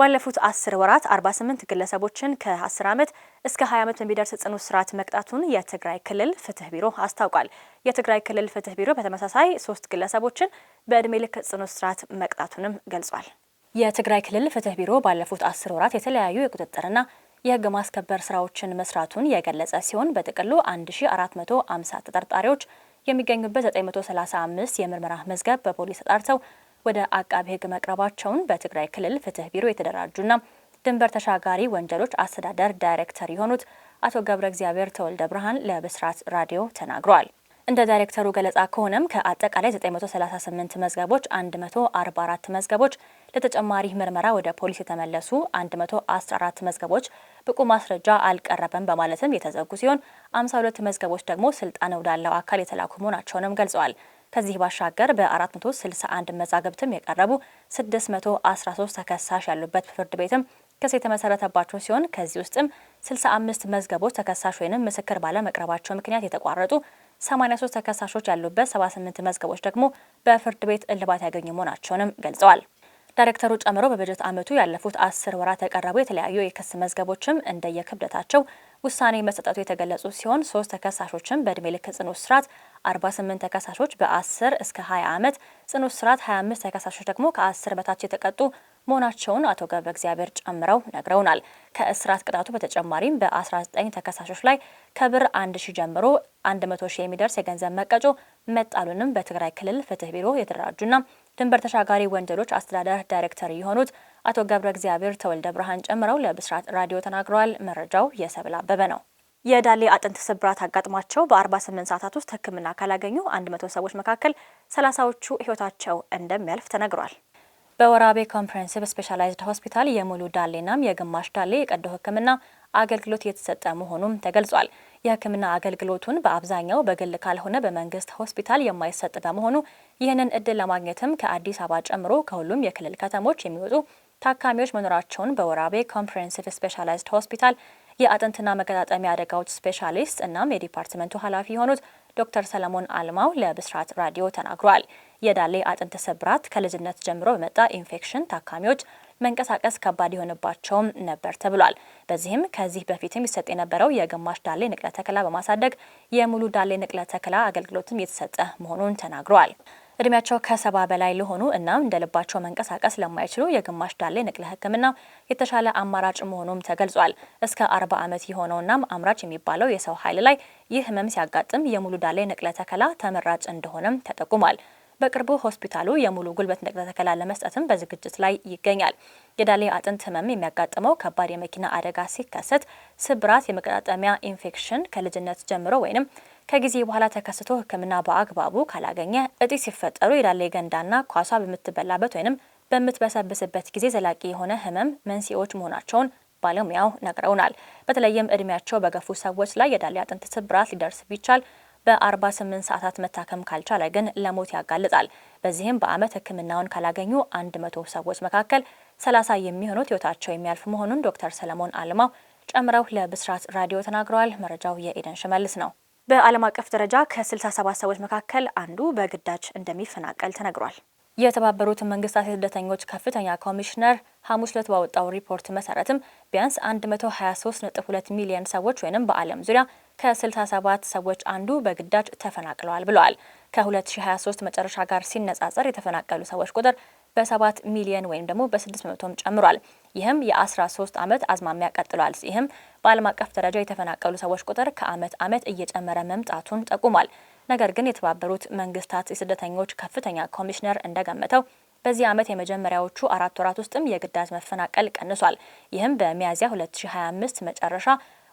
ባለፉት አስር ወራት 48 ግለሰቦችን ከ10 ዓመት እስከ 20 ዓመት በሚደርስ ጽኑ እስራት መቅጣቱን የትግራይ ክልል ፍትህ ቢሮ አስታውቋል። የትግራይ ክልል ፍትህ ቢሮ በተመሳሳይ ሶስት ግለሰቦችን በእድሜ ልክ ጽኑ እስራት መቅጣቱንም ገልጿል። የትግራይ ክልል ፍትህ ቢሮ ባለፉት አስር ወራት የተለያዩ የቁጥጥርና የህግ ማስከበር ስራዎችን መስራቱን የገለጸ ሲሆን በጥቅሉ 1450 ተጠርጣሪዎች የሚገኙበት 935 የምርመራ መዝገብ በፖሊስ ተጣርተው ወደ አቃቤ ሕግ መቅረባቸውን በትግራይ ክልል ፍትህ ቢሮ የተደራጁና ድንበር ተሻጋሪ ወንጀሎች አስተዳደር ዳይሬክተር የሆኑት አቶ ገብረ እግዚአብሔር ተወልደ ብርሃን ለብስራት ራዲዮ ተናግረዋል። እንደ ዳይሬክተሩ ገለጻ ከሆነም ከአጠቃላይ 938 መዝገቦች 144 መዝገቦች ለተጨማሪ ምርመራ ወደ ፖሊስ የተመለሱ 114 መዝገቦች ብቁ ማስረጃ አልቀረበም በማለትም የተዘጉ ሲሆን 52 መዝገቦች ደግሞ ስልጣን ወዳለው አካል የተላኩ መሆናቸውንም ገልጸዋል። ከዚህ ባሻገር በ461 መዛግብትም የቀረቡ 613 ተከሳሽ ያሉበት ፍርድ ቤትም ክስ የተመሰረተባቸው ሲሆን ከዚህ ውስጥም 65 መዝገቦች ተከሳሽ ወይም ምስክር ባለመቅረባቸው ምክንያት የተቋረጡ 83 ተከሳሾች ያሉበት 78 መዝገቦች ደግሞ በፍርድ ቤት እልባት ያገኙ መሆናቸውንም ገልጸዋል። ዳይሬክተሩ ጨምሮ በበጀት ዓመቱ ያለፉት አስር ወራት የቀረቡ የተለያዩ የክስ መዝገቦችም እንደየክብደታቸው ውሳኔ መሰጠቱ የተገለጹ ሲሆን ሶስት ተከሳሾችም በእድሜ ልክ ጽኑ እስራት፣ 48 ተከሳሾች በ10 እስከ 20 ዓመት ጽኑ እስራት፣ 25 ተከሳሾች ደግሞ ከ10 በታች የተቀጡ መሆናቸውን አቶ ገብረ እግዚአብሔር ጨምረው ነግረውናል። ከእስራት ቅጣቱ በተጨማሪም በ19 ተከሳሾች ላይ ከብር 1 ሺ ጀምሮ 100 ሺ የሚደርስ የገንዘብ መቀጮ መጣሉንም በትግራይ ክልል ፍትህ ቢሮ የተደራጁና ድንበር ተሻጋሪ ወንጀሎች አስተዳደር ዳይሬክተር የሆኑት አቶ ገብረ እግዚአብሔር ተወልደ ብርሃን ጨምረው ለብስራት ራዲዮ ተናግረዋል። መረጃው የሰብል አበበ ነው። የዳሌ አጥንት ስብራት አጋጥሟቸው በ48 ሰዓታት ውስጥ ሕክምና ካላገኙ 100 ሰዎች መካከል 30ዎቹ ህይወታቸው እንደሚያልፍ ተነግሯል። በወራቤ ኮምፕሬንሲቭ ስፔሻላይዝድ ሆስፒታል የሙሉ ዳሌናም የግማሽ ዳሌ የቀዶ ሕክምና አገልግሎት እየተሰጠ መሆኑም ተገልጿል። የሕክምና አገልግሎቱን በአብዛኛው በግል ካልሆነ በመንግስት ሆስፒታል የማይሰጥ በመሆኑ ይህንን እድል ለማግኘትም ከአዲስ አበባ ጨምሮ ከሁሉም የክልል ከተሞች የሚወጡ ታካሚዎች መኖራቸውን በወራቤ ኮምፕሬሄንሲቭ ስፔሻላይዝድ ሆስፒታል የአጥንትና መገጣጠሚያ አደጋዎች ስፔሻሊስት እናም የዲፓርትመንቱ ኃላፊ የሆኑት ዶክተር ሰለሞን አልማው ለብስራት ራዲዮ ተናግሯል። የዳሌ አጥንት ስብራት ከልጅነት ጀምሮ በመጣ ኢንፌክሽን ታካሚዎች መንቀሳቀስ ከባድ የሆነባቸው ነበር ተብሏል። በዚህም ከዚህ በፊትም ይሰጥ የነበረው የግማሽ ዳሌ ንቅለ ተከላ በማሳደግ የሙሉ ዳሌ ንቅለ ተከላ አገልግሎትም የተሰጠ መሆኑን ተናግረዋል። እድሜያቸው ከሰባ በላይ ለሆኑ እናም እንደ ልባቸው መንቀሳቀስ ለማይችሉ የግማሽ ዳሌ ንቅለ ሕክምና የተሻለ አማራጭ መሆኑም ተገልጿል። እስከ አርባ ዓመት የሆነው እናም አምራች የሚባለው የሰው ኃይል ላይ ይህ ህመም ሲያጋጥም የሙሉ ዳሌ ንቅለ ተከላ ተመራጭ እንደሆነም ተጠቁሟል። በቅርቡ ሆስፒታሉ የሙሉ ጉልበት ንቅለ ተከላ ለመስጠትም በዝግጅት ላይ ይገኛል። የዳሌ አጥንት ህመም የሚያጋጥመው ከባድ የመኪና አደጋ ሲከሰት ስብራት፣ የመቀጣጠሚያ ኢንፌክሽን ከልጅነት ጀምሮ ወይም ከጊዜ በኋላ ተከስቶ ህክምና በአግባቡ ካላገኘ እጢ ሲፈጠሩ የዳሌ ገንዳና ኳሷ በምትበላበት ወይም በምትበሰብስበት ጊዜ ዘላቂ የሆነ ህመም መንስኤዎች መሆናቸውን ባለሙያው ነግረውናል። በተለይም እድሜያቸው በገፉ ሰዎች ላይ የዳሌ አጥንት ስብራት ሊደርስ ቢቻል በ48 ሰዓታት መታከም ካልቻለ ግን ለሞት ያጋልጣል። በዚህም በዓመት ሕክምናውን ካላገኙ 100 ሰዎች መካከል 30 የሚሆኑት ሕይወታቸው የሚያልፍ መሆኑን ዶክተር ሰለሞን አልማው ጨምረው ለብስራት ራዲዮ ተናግረዋል። መረጃው የኤደን ሽመልስ ነው። በዓለም አቀፍ ደረጃ ከ67 ሰዎች መካከል አንዱ በግዳጅ እንደሚፈናቀል ተነግሯል። የተባበሩት መንግስታት የስደተኞች ከፍተኛ ኮሚሽነር ሐሙስ ዕለት ባወጣው ሪፖርት መሰረትም ቢያንስ 123.2 ሚሊዮን ሰዎች ወይም በዓለም ዙሪያ ከ67 ሰዎች አንዱ በግዳጅ ተፈናቅለዋል ብለዋል። ከ2023 መጨረሻ ጋር ሲነጻጸር የተፈናቀሉ ሰዎች ቁጥር በ7 ሚሊየን ወይም ደግሞ በ6 መቶም ጨምሯል። ይህም የ13 ዓመት አዝማሚያ ቀጥሏል። ይህም በዓለም አቀፍ ደረጃ የተፈናቀሉ ሰዎች ቁጥር ከዓመት ዓመት እየጨመረ መምጣቱን ጠቁሟል። ነገር ግን የተባበሩት መንግስታት የስደተኞች ከፍተኛ ኮሚሽነር እንደገመተው በዚህ ዓመት የመጀመሪያዎቹ አራት ወራት ውስጥም የግዳጅ መፈናቀል ቀንሷል። ይህም በሚያዝያ 2025 መጨረሻ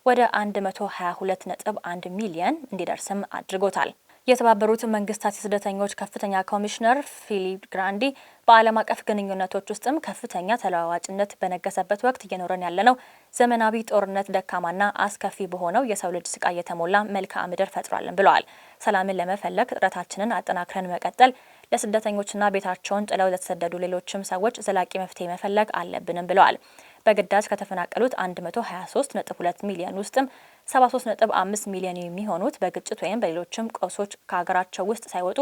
ወደ 122.1 ሚሊየን እንዲደርስም አድርጎታል። የተባበሩት መንግስታት የስደተኞች ከፍተኛ ኮሚሽነር ፊሊፕ ግራንዲ በዓለም አቀፍ ግንኙነቶች ውስጥም ከፍተኛ ተለዋዋጭነት በነገሰበት ወቅት እየኖረን ያለነው ዘመናዊ ጦርነት ደካማና አስከፊ በሆነው የሰው ልጅ ስቃይ የተሞላ መልክዓ ምድር ፈጥሯልን ብለዋል። ሰላምን ለመፈለግ ጥረታችንን አጠናክረን መቀጠል ለስደተኞችና ቤታቸውን ጥለው ለተሰደዱ ሌሎችም ሰዎች ዘላቂ መፍትሄ መፈለግ አለብንም ብለዋል። በግዳጅ ከተፈናቀሉት 123.2 ሚሊዮን ውስጥም 73.5 ሚሊዮን የሚሆኑት በግጭት ወይም በሌሎችም ቀውሶች ከሀገራቸው ውስጥ ሳይወጡ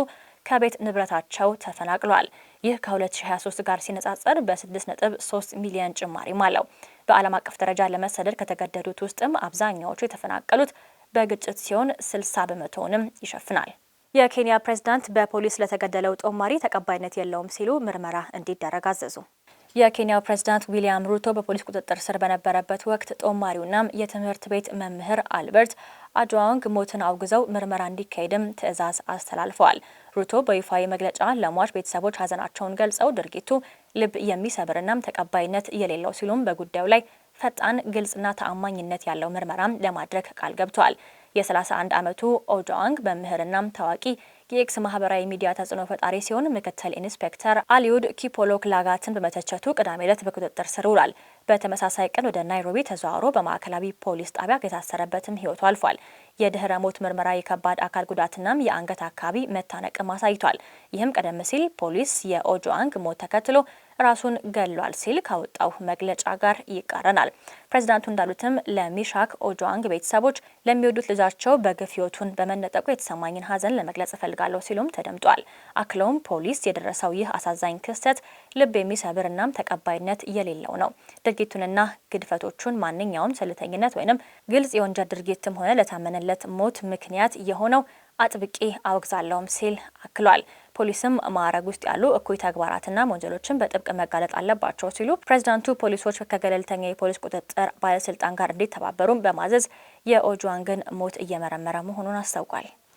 ከቤት ንብረታቸው ተፈናቅሏል። ይህ ከ2023 ጋር ሲነጻጸር በ6.3 ሚሊዮን ጭማሪም አለው። በዓለም አቀፍ ደረጃ ለመሰደድ ከተገደዱት ውስጥም አብዛኛዎቹ የተፈናቀሉት በግጭት ሲሆን 60 በመቶውንም ይሸፍናል። የኬንያ ፕሬዝዳንት በፖሊስ ለተገደለው ጦማሪ ተቀባይነት የለውም ሲሉ ምርመራ እንዲደረግ አዘዙ። የኬንያው ፕሬዝዳንት ዊሊያም ሩቶ በፖሊስ ቁጥጥር ስር በነበረበት ወቅት ጦማሪውና የትምህርት ቤት መምህር አልበርት አጆዋንግ ሞትን አውግዘው ምርመራ እንዲካሄድም ትዕዛዝ አስተላልፈዋል። ሩቶ በይፋዊ መግለጫ ለሟች ቤተሰቦች ሀዘናቸውን ገልጸው ድርጊቱ ልብ የሚሰብርናም ተቀባይነት የሌለው ሲሉም በጉዳዩ ላይ ፈጣን ግልጽና ተአማኝነት ያለው ምርመራም ለማድረግ ቃል ገብተዋል። የ31 ዓመቱ ኦጃዋንግ መምህርና ታዋቂ የኤክስ ማህበራዊ ሚዲያ ተጽዕኖ ፈጣሪ ሲሆን ምክትል ኢንስፔክተር አሊዩድ ኪፖሎክ ላጋትን በመተቸቱ ቅዳሜ ዕለት በቁጥጥር ስር ውሏል። በተመሳሳይ ቀን ወደ ናይሮቢ ተዘዋውሮ በማዕከላዊ ፖሊስ ጣቢያ የታሰረበትም ህይወቱ አልፏል። የድህረ ሞት ምርመራ የከባድ አካል ጉዳትናም የአንገት አካባቢ መታነቅም አሳይቷል። ይህም ቀደም ሲል ፖሊስ የኦጆአንግ ሞት ተከትሎ ራሱን ገሏል ሲል ካወጣው መግለጫ ጋር ይቃረናል። ፕሬዚዳንቱ እንዳሉትም ለሚሻክ ኦጆዋንግ ቤተሰቦች ለሚወዱት ልጃቸው በግፍ ሕይወቱን በመነጠቁ የተሰማኝን ሐዘን ለመግለጽ እፈልጋለሁ ሲሉም ተደምጧል። አክለውም ፖሊስ የደረሰው ይህ አሳዛኝ ክስተት ልብ የሚሰብር እናም ተቀባይነት የሌለው ነው። ድርጊቱንና ግድፈቶቹን ማንኛውም ስልተኝነት ወይም ግልጽ የወንጀል ድርጊትም ሆነ ለታመነለት ሞት ምክንያት የሆነው አጥብቄ አወግዛለሁም ሲል አክሏል። ፖሊስም ማዕረግ ውስጥ ያሉ እኩይ ተግባራትና ወንጀሎችን በጥብቅ መጋለጥ አለባቸው ሲሉ ፕሬዚዳንቱ ፖሊሶች ከገለልተኛ የፖሊስ ቁጥጥር ባለስልጣን ጋር እንዲተባበሩም በማዘዝ የኦጁዋንግን ሞት እየመረመረ መሆኑን አስታውቋል።